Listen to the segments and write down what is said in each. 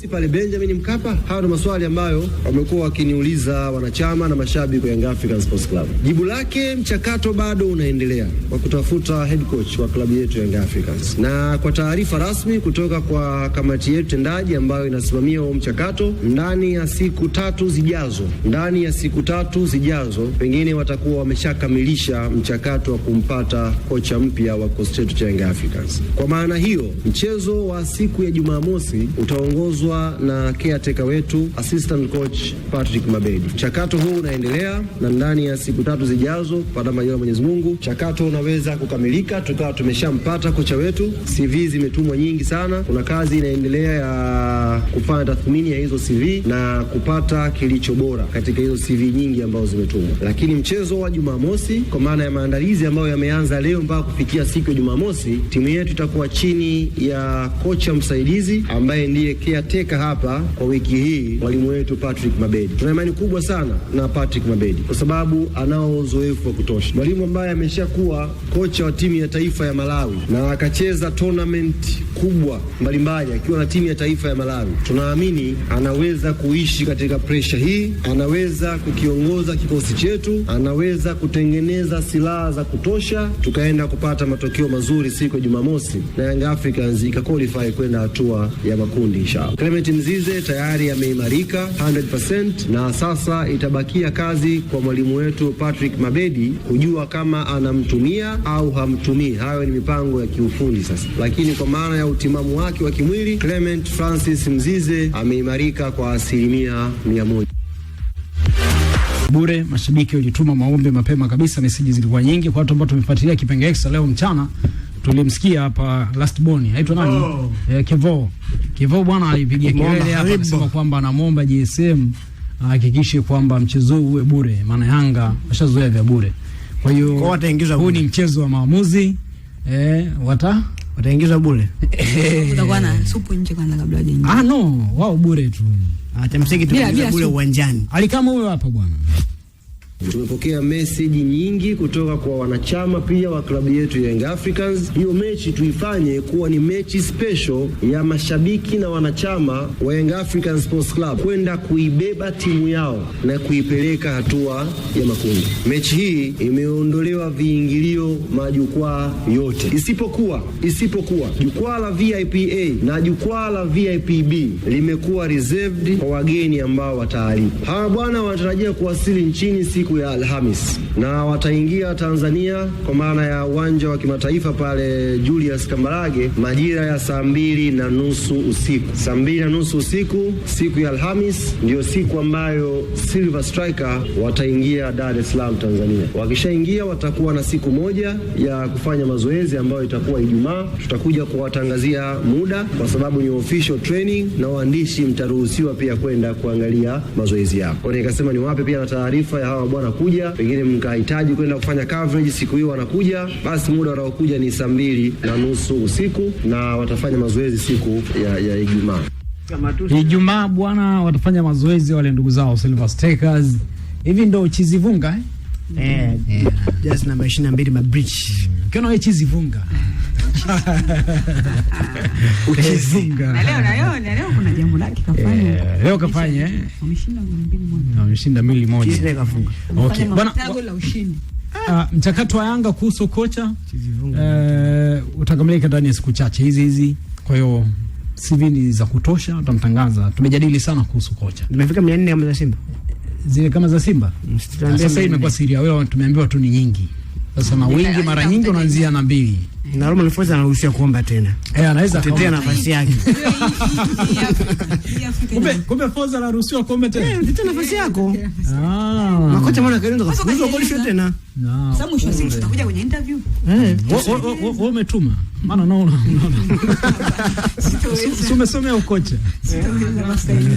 Si pale Benjamin Mkapa. Hayo ni maswali ambayo wamekuwa wakiniuliza wanachama na mashabiki wa Young African Sports Club. Jibu lake, mchakato bado unaendelea wa kutafuta head coach wa klabu yetu Young Africans, na kwa taarifa rasmi kutoka kwa kamati yetu tendaji ambayo inasimamia huo mchakato, ndani ya siku tatu zijazo, ndani ya siku tatu zijazo, pengine watakuwa wameshakamilisha mchakato wa kumpata kocha mpya wa kikosi chetu cha Young Africans. Kwa maana hiyo, mchezo wa siku ya Jumamosi utaongozwa inaongozwa na caretaker wetu assistant coach Patrick Mabedi. Mchakato huu unaendelea na ndani ya siku tatu zijazo, kwa majaliwa ya Mwenyezi Mungu, mchakato unaweza kukamilika tukawa tumeshampata kocha wetu. CV zimetumwa nyingi sana, kuna kazi inaendelea ya kufanya tathmini ya hizo CV na kupata kilicho bora katika hizo CV nyingi ambazo zimetumwa. Lakini mchezo wa Jumamosi, kwa maana ya maandalizi ambayo yameanza leo mpaka kufikia siku ya Jumamosi, timu yetu itakuwa chini ya kocha msaidizi ambaye ndiye caretaker tunateka hapa kwa wiki hii mwalimu wetu Patrick Mabedi. Tuna imani kubwa sana na Patrick Mabedi kwa sababu anao uzoefu wa kutosha, mwalimu ambaye ameshakuwa kocha wa timu ya taifa ya Malawi na akacheza tournament kubwa mbalimbali akiwa na timu ya taifa ya Malawi. Tunaamini anaweza kuishi katika presha hii, anaweza kukiongoza kikosi chetu, anaweza kutengeneza silaha za kutosha, tukaenda kupata matokeo mazuri siku ya Jumamosi na young Africans ikakwalify kwenda hatua ya makundi inshallah. Clement Mzize tayari ameimarika 100% na sasa itabakia kazi kwa mwalimu wetu Patrick Mabedi kujua kama anamtumia au hamtumii. Hayo ni mipango ya kiufundi sasa, lakini kwa maana ya utimamu wake wa kimwili Clement Francis Mzize ameimarika kwa asilimia mia moja bure. Mashabiki walituma maombi mapema kabisa, meseji zilikuwa nyingi kwa watu ambao tumefuatilia kipengele leo mchana. Tulimsikia hapa last born, aitwa nani? Oh. Eh, Kevo Kivyo bwana alipiga kelele hapa akisema kwamba anamwomba JSM ahakikishe kwamba mchezo huu uwe bure, maana Yanga washazoea vya bure. Kwa hiyo kwa wataingiza huu ni mchezo wa maamuzi eh, wata wataingiza bure utakuwa eh. na supu nje kwanza kabla hajaingia. Ah, no wao bure tu, acha msingi tu bure uwanjani. Alikama huyo hapa bwana. Tumepokea meseji nyingi kutoka kwa wanachama pia wa klabu yetu Young Africans. Hiyo mechi tuifanye kuwa ni mechi special ya mashabiki na wanachama wa Young Africans Sports Club kwenda kuibeba timu yao na kuipeleka hatua ya makundi. Mechi hii imeondolewa viingilio majukwaa yote isipokuwa isipokuwa jukwaa la VIP A na jukwaa la VIP B limekuwa reserved kwa wageni ambao wataalikwa. Hawa bwana wanatarajia kuwasili nchini siku siku ya Alhamis na wataingia Tanzania kwa maana ya uwanja wa kimataifa pale Julius Kambarage majira ya saa mbili na nusu usiku. Saa mbili na nusu usiku siku ya Alhamis ndiyo siku ambayo Silver Striker wataingia Dar es Salaam Tanzania. Wakishaingia watakuwa na siku moja ya kufanya mazoezi ambayo itakuwa Ijumaa. Tutakuja kuwatangazia muda kwa sababu ni official training na waandishi mtaruhusiwa pia kwenda kuangalia mazoezi yao. Kwa nikasema niwape pia na taarifa ya hawa wanakuja, pengine mkahitaji kwenda kufanya coverage siku hiyo wanakuja, basi muda wanaokuja ni saa mbili na nusu usiku na watafanya mazoezi siku ya, ya Ijumaa. Ijumaa bwana, watafanya mazoezi wale ndugu zao Silver Stakers. Hivi ndo chizivunga eh? Mm. eh, yeah. Just namba 22 mabridge. Mm. Ukiona wewe chizivunga ukizinga na leo na leo kuna jambo lake kafanya eh, leo kafanya eh ameshinda mili moja. Okay bwana, la ushindi Uh, mchakato wa Yanga kuhusu kocha uh, utakamilika ndani ya siku chache hizi hizi, kwa hiyo CV ni za kutosha, utamtangaza. Tumejadili sana kuhusu kocha, nimefika 400 kama za Simba zile kama za Simba, ah, sasa imekuwa siri, wewe tumeambiwa tu ni nyingi sasa wengi mara nyingi unaanzia na mbili na Roma Lufuza anaruhusiwa kuomba tena. Eh, anaweza kutetea nafasi yake. Kumbe kumbe Foza anaruhusiwa kuomba tena. Eh, tetea nafasi yako. Ah. Makocha mwana kaenda kwa sababu kwa lisho tena. Sasa mwisho wa siku tutakuja kwenye interview. Eh, wewe umetuma. Maana naona unaona. Sitoweza. Sumesomea ukocha. Sitoweza masaili.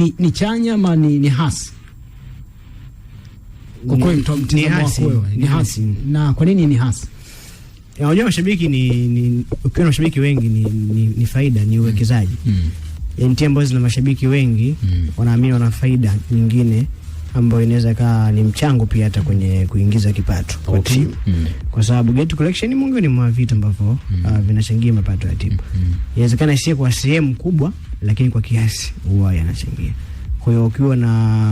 ni, ni chanya ama ni, ni hasi? Kwa kweli mtazamo wako ni hasi, na kwa nini ni hasi? Eh, unajua mashabiki ni, ni ukiwa na mashabiki wengi ni, ni, ni faida, ni uwekezaji mm. Yaani timu ambazo zina mashabiki wengi mm. wanaamini wana faida nyingine ambayo inaweza kaa ni mchango pia hata kwenye kuingiza kipato kwa okay. timu mm. kwa sababu gate collection miongoni mwa vitu ambavyo uh, mm. uh, vinachangia mapato ya timu mm. inawezekana kwa sehemu kubwa, lakini kwa kiasi huwa yanachangia. Kwa hiyo ukiwa na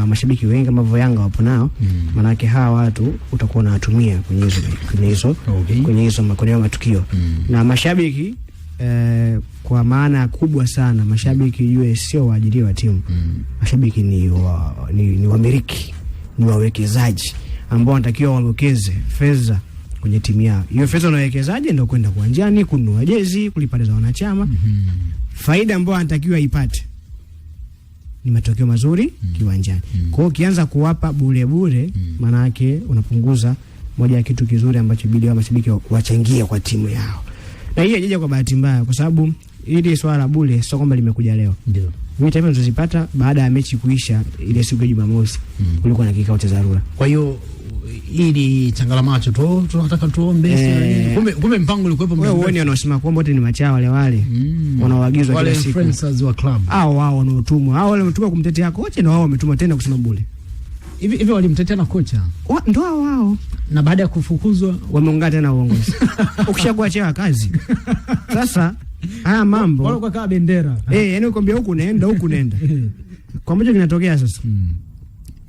mashabiki wengi ambao Yanga wapo nao mm. manake hawa watu utakuwa unawatumia kwenye hizo kwenye hizo okay. kwenye hizo matukio mm. na mashabiki eh, kwa maana kubwa sana. Mashabiki ujue sio waajiri wa timu mm. Mashabiki ni, wa, ni, ni wamiliki ni wawekezaji ambao wanatakiwa wawekeze fedha kwenye timu yao. Hiyo fedha unawekezaje? Ndio kwenda kuanjani kununua jezi, kulipa za wanachama mm -hmm. Faida ambayo anatakiwa ipate ni matokeo mazuri mm. hmm kiwanjani mm. Kwa hiyo ukianza kuwapa bure bure maana mm. hmm yake unapunguza moja ya kitu kizuri ambacho bidii wa mashabiki wachangie kwa timu yao, na hii haijaja kwa bahati mbaya, kwa sababu ili swala la bure sio kwamba limekuja leo. Ndio. Mimi taarifa nilizozipata baada ya mechi kuisha ile siku ya Jumamosi mm. kulikuwa na kikao cha dharura. Kwa hiyo ili changala macho tu tunataka tuombe, e... kumbe kumbe mpango ulikuwepo. Wewe uone wanaosema kwamba wote ni machao wale wale mm. wanaoagizwa kila siku wale influencers wa club hao, wao wanaotumwa hao, wale wametumwa kumtetea kocha na wao wametumwa tena kusema bure hivi hivi, walimtetea na kocha ndio hao wao, na baada ya kufukuzwa wameungana tena uongozi ukishakuwa chewa kazi sasa haya mambo bora kwa kaa bendera eh, hey, yani ukwambia huku naenda huku naenda eh. kwa mmoja kinatokea sasa mm.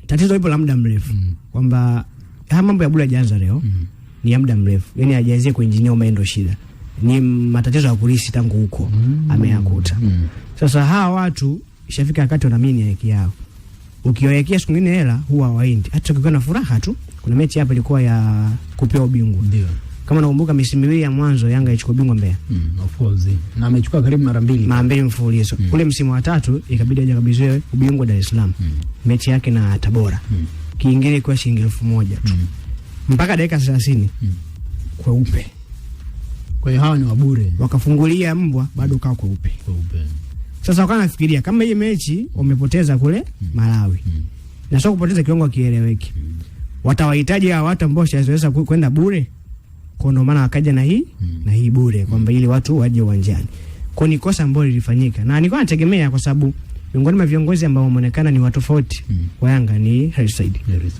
tatizo lipo la muda mrefu mm. kwamba haya mambo ya bure hajaanza leo mm. ni ya muda mrefu yani hajaanzia kwa engineer Ummy ndo shida ni matatizo ya polisi tangu huko mm. ameyakuta mm. sasa hawa watu ishafika wakati wanaamini haki yao ukiwawekea siku nyingine hela huwa waindi hata ukiwa na furaha tu kuna mechi hapa ilikuwa ya kupewa ubingwa ndio kama nakumbuka misimu miwili ya mwanzo Yanga ilichukua bingwa Mbeya. Mm, of course. Na amechukua karibu mara mbili. Mara mbili mfululizo. Mm. Kule msimu wa tatu ikabidi aje kabizwe ubingwa Dar es Salaam. Mm. Mechi yake na Tabora. Mm. Kiingereza kwa shilingi 1000 tu. Mm. Mpaka dakika 30. Mm. Kwa upe. Kwa hiyo hawa ni wabure. Wakafungulia mbwa bado kwa upe. Kwa upe. Sasa wakawa nafikiria kama hii mechi wamepoteza kule mm. Malawi. Mm. Na sio kupoteza kiwango kieleweki. Mm. Watawahitaji hawa watu ambao washaweza kwenda bure. Kwa ndio maana akaja na hii mm. na hii bure kwamba hmm. ili watu waje uwanjani. Kwa ni kosa ambalo lilifanyika. Na nilikuwa nategemea kwa sababu miongoni mwa viongozi ambao wameonekana ni watu tofauti mm. wa Yanga ni Hersaid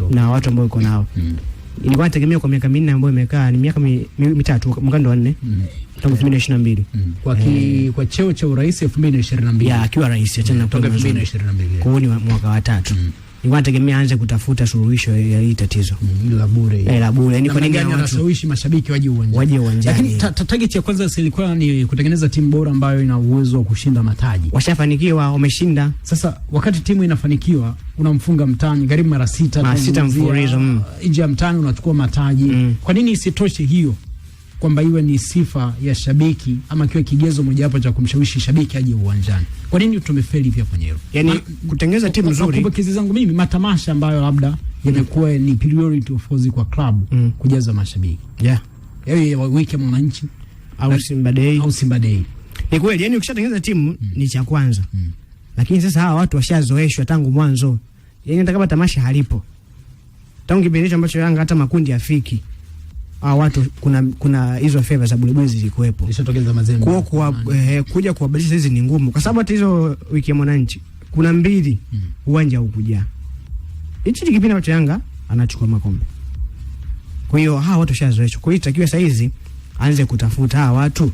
na watu ambao uko nao. Mm. Nilikuwa nategemea kwa miaka minne ambayo imekaa ni miaka mitatu mkando wa nne. Mm. Tangu 2022. Mm. Kwa ki, eh. kwa cheo cha urais 2022. Ya akiwa rais achana na 2022. Kwa ni mwaka wa tatu. Mm nilikuwa nategemea anze kutafuta suluhisho ya hii tatizo mm, la bure eh, la bure. Ni yaani kwa nini anashawishi mashabiki waje uwanjani, waje uwanjani? Lakini ta, ta, target ya kwanza ilikuwa ni kutengeneza timu bora ambayo ina uwezo wa kushinda mataji. Washafanikiwa, wameshinda. Sasa wakati timu inafanikiwa unamfunga mtani karibu mara sita mara sita mfululizo mm. nje ya mtani unachukua mataji mm. Kwa nini isitoshe hiyo kwamba iwe ni sifa ya shabiki ama kiwe kigezo mojawapo cha kumshawishi shabiki aje uwanjani. Kwa nini tumefeli pia kwenye hilo? Yani kutengeneza timu nzuri. Kwa Kumbukizi zangu mimi matamasha ambayo labda yamekuwa ni priority of course kwa club mm. kujaza mashabiki. Yeah. Yaani wiki mwananchi au Simba Day au Simba Day. Ni kweli, yani ukishatengeneza timu mm. ni cha kwanza. Mm. Lakini sasa hawa watu washazoeshwa tangu mwanzo. Yaani hata kama tamasha halipo. Tangu kipindi ambacho Yanga hata makundi afiki hawa watu kuna kuna hizo fedha za Bulebule zilikuwepo. Zishatokeza Mazembe. Kwa kuwa, eh, kuja kuwabadilisha hizi ni ngumu kwa sababu hata hizo wiki ya mwananchi kuna mbili mm. uwanja hukujaa. Hichi ni kipindi ambacho Yanga anachukua makombe. Kwa hiyo hawa watu washazoeshwa. Kwa hiyo itakiwa saa hizi aanze kutafuta hawa watu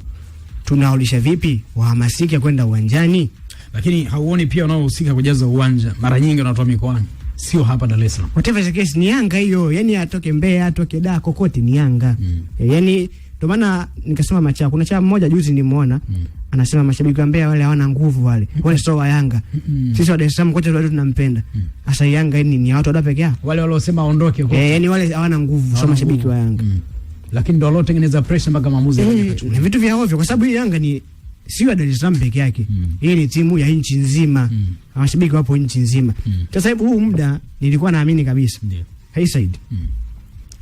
tunaulisha vipi wahamasike kwenda uwanjani. Lakini hauoni pia wanaohusika kujaza uwanja mara nyingi wanatoa mikoani sio hapa Dar es Salaam. Whatever the case ni Yanga hiyo, yani atoke Mbeya, atoke Dar, kokote ni Yanga. Mm. E, Yani ndio maana nikasema macha kuna chama mmoja juzi nimeona mm. anasema mashabiki wa Mbeya wale hawana nguvu wale. Mm. Wale sio wa Yanga. Mm. mm. Sisi wa Dar es Salaam kocha wale tunampenda. Mm. Asa Yanga ni ni watu peke yao. Wale waliosema aondoke huko. Eh, yani wale hawana nguvu sio mashabiki wa Yanga. Mm. Lakini ndio walotengeneza pressure mpaka maamuzi. Eh, ni vitu vya ovyo kwa sababu hii Yanga ni sio ya Dar es Salaam peke yake mm. Hii ni timu ya nchi nzima mm. Mashabiki wapo nchi nzima mm. Sasa hebu huu muda nilikuwa naamini kabisa yeah. Hey Said mm.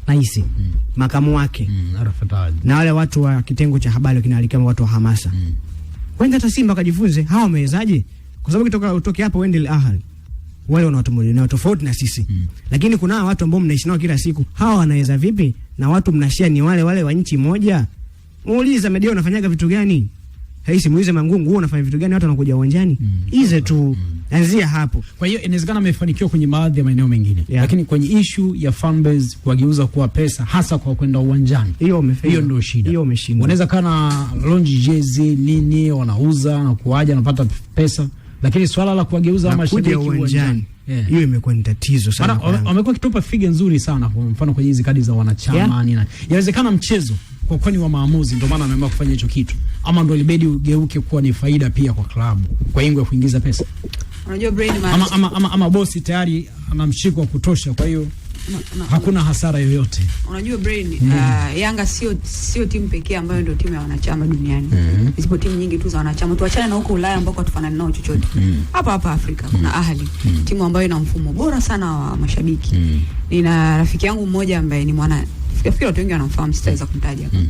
Raisi mm. makamu wake mm. Arafat na wale watu wa kitengo cha habari kinaalikama watu wa hamasa mm. Wenda hata Simba kajifunze hawa wamewezaje, kwa sababu kitoka utoke hapo wende Al Ahly wale wana watu na tofauti na sisi mm. Lakini kuna watu ambao mnaishi nao kila siku, hawa wanaweza vipi? Na watu mnashia ni wale wale wa nchi moja, muuliza Media unafanyaga vitu gani? Hei, simuize mangu nguo unafanya vitu gani, watu wanakuja uwanjani mm. Ize tu mm. Anzia hapo. Kwa hiyo inawezekana amefanikiwa kwenye baadhi ya maeneo mengine yeah. Lakini kwenye issue ya fan base kuwageuza kuwa pesa hasa kwa kwenda uwanjani, hiyo hiyo ndio shida. Hiyo umeshindwa. Unaweza kana lounge jezi nini wanauza na kuaja anapata pesa, lakini swala la kuwageuza mashabiki uwanjani hiyo yeah. Imekuwa ni tatizo sana. Wamekuwa kitupa figa nzuri sana, kwa mfano kwenye hizi kadi za wanachama yeah. Inawezekana mchezo kwa kwani wa maamuzi, ndio maana ameamua kufanya hicho kitu, ama ndio libedi ugeuke kuwa ni faida pia kwa klabu kwa ingo ya kuingiza pesa? Unajua brain ama, ama, ama, ama bosi tayari anamshika wa kutosha, kwa hiyo no. hakuna hasara yoyote. Unajua brain mm. Uh, Yanga sio sio timu pekee ambayo ndio timu ya wanachama duniani mm. Zipo timu nyingi tu za wanachama, tuachane na huko Ulaya ambako hatufanani nao chochote mm. hapa mm. hapa Afrika kuna mm. Ahli mm. timu ambayo ina mfumo bora sana wa mashabiki mm. Nina rafiki yangu mmoja ambaye ni mwana, nafikiri watu wengi wanamfahamu, sitaweza kumtaja mm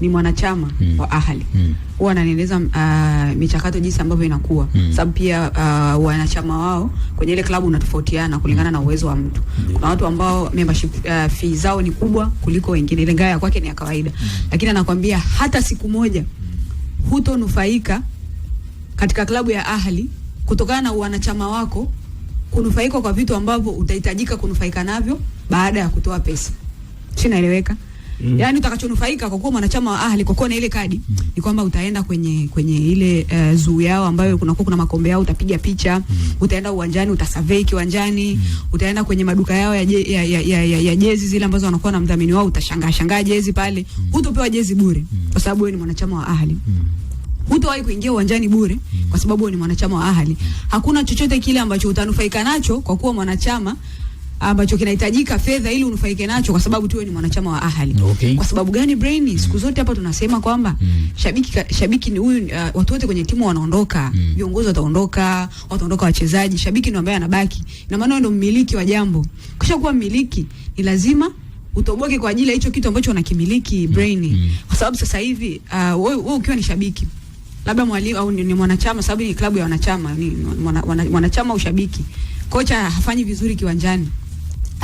ni mwanachama mm. wa Ahli mm. huwa mm. ananieleza uh, michakato jinsi ambavyo inakuwa mm. sababu pia uh, wanachama wao kwenye ile klabu unatofautiana kulingana na uwezo wa mtu mm. kuna watu ambao membership uh, fee zao ni kubwa kuliko wengine, ile ngaya kwake ni ya kawaida mm. lakini anakwambia hata siku moja hutonufaika katika klabu ya Ahli kutokana na wanachama wako kunufaika kwa vitu ambavyo utahitajika kunufaika navyo baada ya kutoa pesa. Sinaeleweka? Mm. yani utakachonufaika kwa kuwa mwanachama wa Ahli kwa kuwa na ile kadi mm. ni kwamba utaenda kwenye kwenye ile uh, zoo yao ambayo kuna kuna makombe yao utapiga picha, mm. utaenda uwanjani utasurvey kiwanjani, mm. utaenda kwenye maduka yao ya, je, ya, ya, ya, ya, ya jezi zile ambazo wanakuwa na mdhamini wao utashangaa shangaa jezi pale. Mm. utopewa jezi bure mm. kwa sababu wewe ni mwanachama wa Ahli. Mm. Hutawahi kuingia uwanjani bure mm. kwa sababu ni mwanachama wa Ahli. Mm. Hakuna chochote kile ambacho utanufaika nacho kwa kuwa mwanachama ambacho kinahitajika fedha ili unufaike nacho, kwa sababu tuwe ni mwanachama wa Ahali. Okay. Kwa sababu gani Brain? Mm. Siku zote hapa tunasema kwamba mm. shabiki shabiki ni huyu, uh, watu wote kwenye timu wanaondoka, mm. viongozi mm. wataondoka, wataondoka wachezaji, shabiki ndio ambaye anabaki. Na maana ndio mmiliki wa jambo. Kisha kuwa mmiliki ni lazima utoboke kwa ajili ya hicho kitu ambacho unakimiliki mm. Brain. Mm. Kwa sababu sasa hivi wewe uh, ukiwa ni shabiki labda mwalimu au ni, ni mwanachama, sababu ni klabu ya wanachama, ni mwanachama mwana, mwana, mwanachama ushabiki, kocha hafanyi vizuri kiwanjani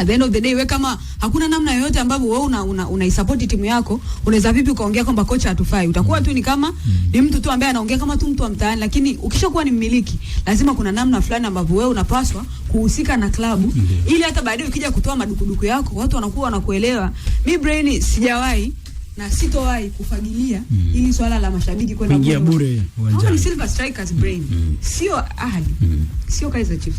at the end of the day, we kama hakuna namna yoyote ambavyo wewe una, una, una support timu yako, unaweza vipi ukaongea kwamba kocha hatufai? Utakuwa tu ni kama ni mtu tu ambaye anaongea kama tu mtu wa mtaani, lakini ukishakuwa ni mmiliki, lazima kuna namna fulani ambavyo wewe unapaswa kuhusika na klabu ili hata baadaye ukija kutoa madukuduku yako watu wanakuwa wanakuelewa. Mi brain sijawahi na sitowahi kufagilia mm. ili swala la mashabiki kwenda bure. Hawa ni Silver Strikers brain. Mm. Sio Ahly. Mm. Sio Kaizer Chiefs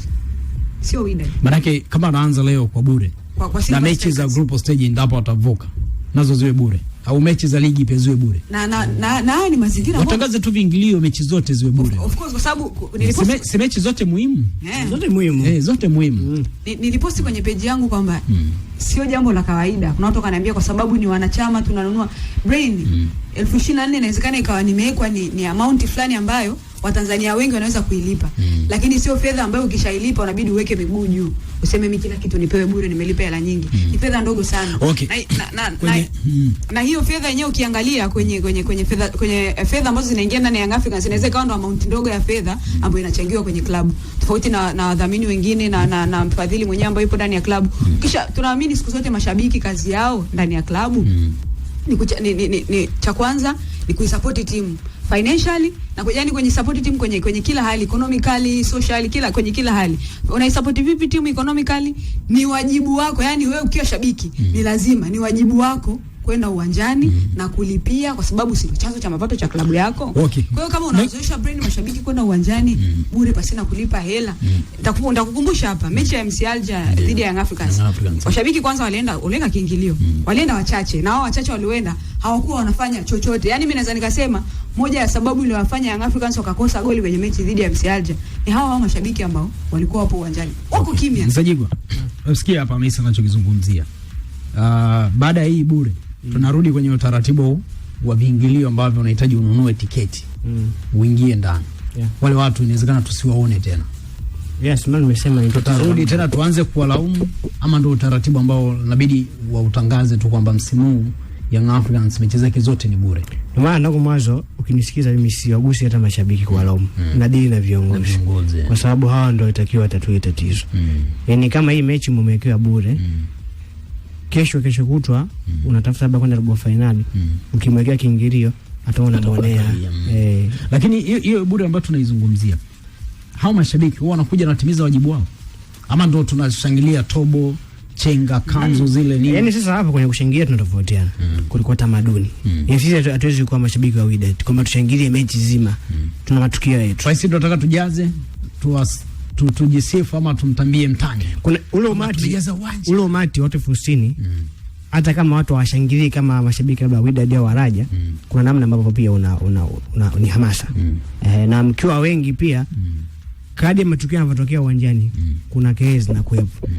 sio winner. Maanake kama anaanza leo kwa bure kwa, kwa na mechi za group stage ndipo atavuka nazo ziwe bure au mechi za ligi pia ziwe bure na na na, na ni mazingira watangaze tu viingilio, mechi zote ziwe bure. Of course, kwa sababu nilipost si, mechi zote muhimu yeah. zote muhimu eh, zote muhimu mm. nilipost kwenye page yangu kwamba mm. sio jambo la kawaida. Kuna watu wananiambia kwa sababu ni wanachama tunanunua brain mm. elfu ishirini na nne inawezekana ikawa nimewekwa ni, ni amount fulani ambayo Watanzania wengi wanaweza kuilipa mm. Lakini sio fedha ambayo ukishailipa unabidi uweke miguu juu useme mimi kila kitu nipewe bure, nimelipa hela nyingi mm. Ni fedha ndogo sana okay. Na, na, na, kwenye, na, mm. na hiyo fedha yenyewe ukiangalia kwenye kwenye kwenye fedha kwenye eh, fedha ambazo zinaingia ndani ya Africa zinaweza kawa ndo amount ndogo ya fedha ambayo inachangiwa kwenye klabu tofauti na na wadhamini wengine na na, na mfadhili mwenyewe ambaye yupo ndani ya klabu mm. Kisha tunaamini siku zote mashabiki kazi yao ndani ya klabu mm. ni, ni, ni, ni cha kwanza ni kuisupport timu financially na yani kwenye support team kwenye kwenye kila hali economically, socially, kila kwenye kila hali. support vipi team economically? Ni wajibu wako. Yani wewe ukiwa shabiki, mm. ni lazima ni wajibu wako kwenda uwanjani mm. na kulipia kwa sababu si chanzo cha mapato cha klabu yako. Okay. Kwa hiyo kama unazoesha brand mashabiki kwenda uwanjani mm. bure pasi na kulipa hela. Mm. Nitakukumbusha hapa mm. mechi ya MC Alger dhidi yeah. ya Young Africans. Washabiki kwanza walienda walenga kiingilio. Mm. Walienda wachache na hao wachache walioenda hawakuwa wanafanya chochote. Yaani mimi naweza nikasema moja ya sababu iliyowafanya Young Africans wakakosa goli kwenye mechi dhidi ya MC Alger ni hawa hao mashabiki ambao walikuwa hapo uwanjani. Wako okay. kimya. Msajigwa. Usikie hapa Hamisa anachokizungumzia. Uh, baada ya hii bure mm. tunarudi kwenye utaratibu wa viingilio ambavyo unahitaji ununue tiketi mm. uingie ndani yeah. Wale watu inawezekana tusiwaone tena yes, tutarudi tena tuanze kuwalaumu, ama ndio utaratibu ambao inabidi wautangaze tu kwamba msimu huu Young Africans mechi zake zote ni bure. Ndio maana nako mwanzo ukinisikiza mimi siwagusi hata mashabiki kwa laumu. Mm. dini na viongozi. Kwa sababu hawa ndio itakiwa watatue tatizo. Mm. Yaani kama hii mechi mumewekewa bure. Mm kesho kesho kutwa mm. unatafuta labda kwenda robo fainali mm. ukimwekea kiingilio ataona mwonea mm. eh. Lakini hiyo bure ambayo tunaizungumzia, hao mashabiki huwa wanakuja wanatimiza wajibu wao, ama ndio tunashangilia tobo chenga kanzu mm. zile nini? yani sasa hapa kwenye kushangilia tunatofautiana mm. kulikuwa tamaduni mm. Yaani sisi hatuwezi kuwa mashabiki wa Wydad kwamba tushangilie mechi zima mm. tuna matukio yetu, kwa tunataka tujaze tuwas tu, tujisifu ama tumtambie mtani. Kuna ule umati, ule umati watu elfu sitini mm. hata mm. kama watu hawashangilii kama mashabiki labda Wydad au Waraja mm. kuna namna ambavyo pia una, una, una, ni hamasa mm. eh, na mkiwa wengi pia mm. kadi ya matukio yanavyotokea uwanjani mm. kuna kelele zinakuwepo mm.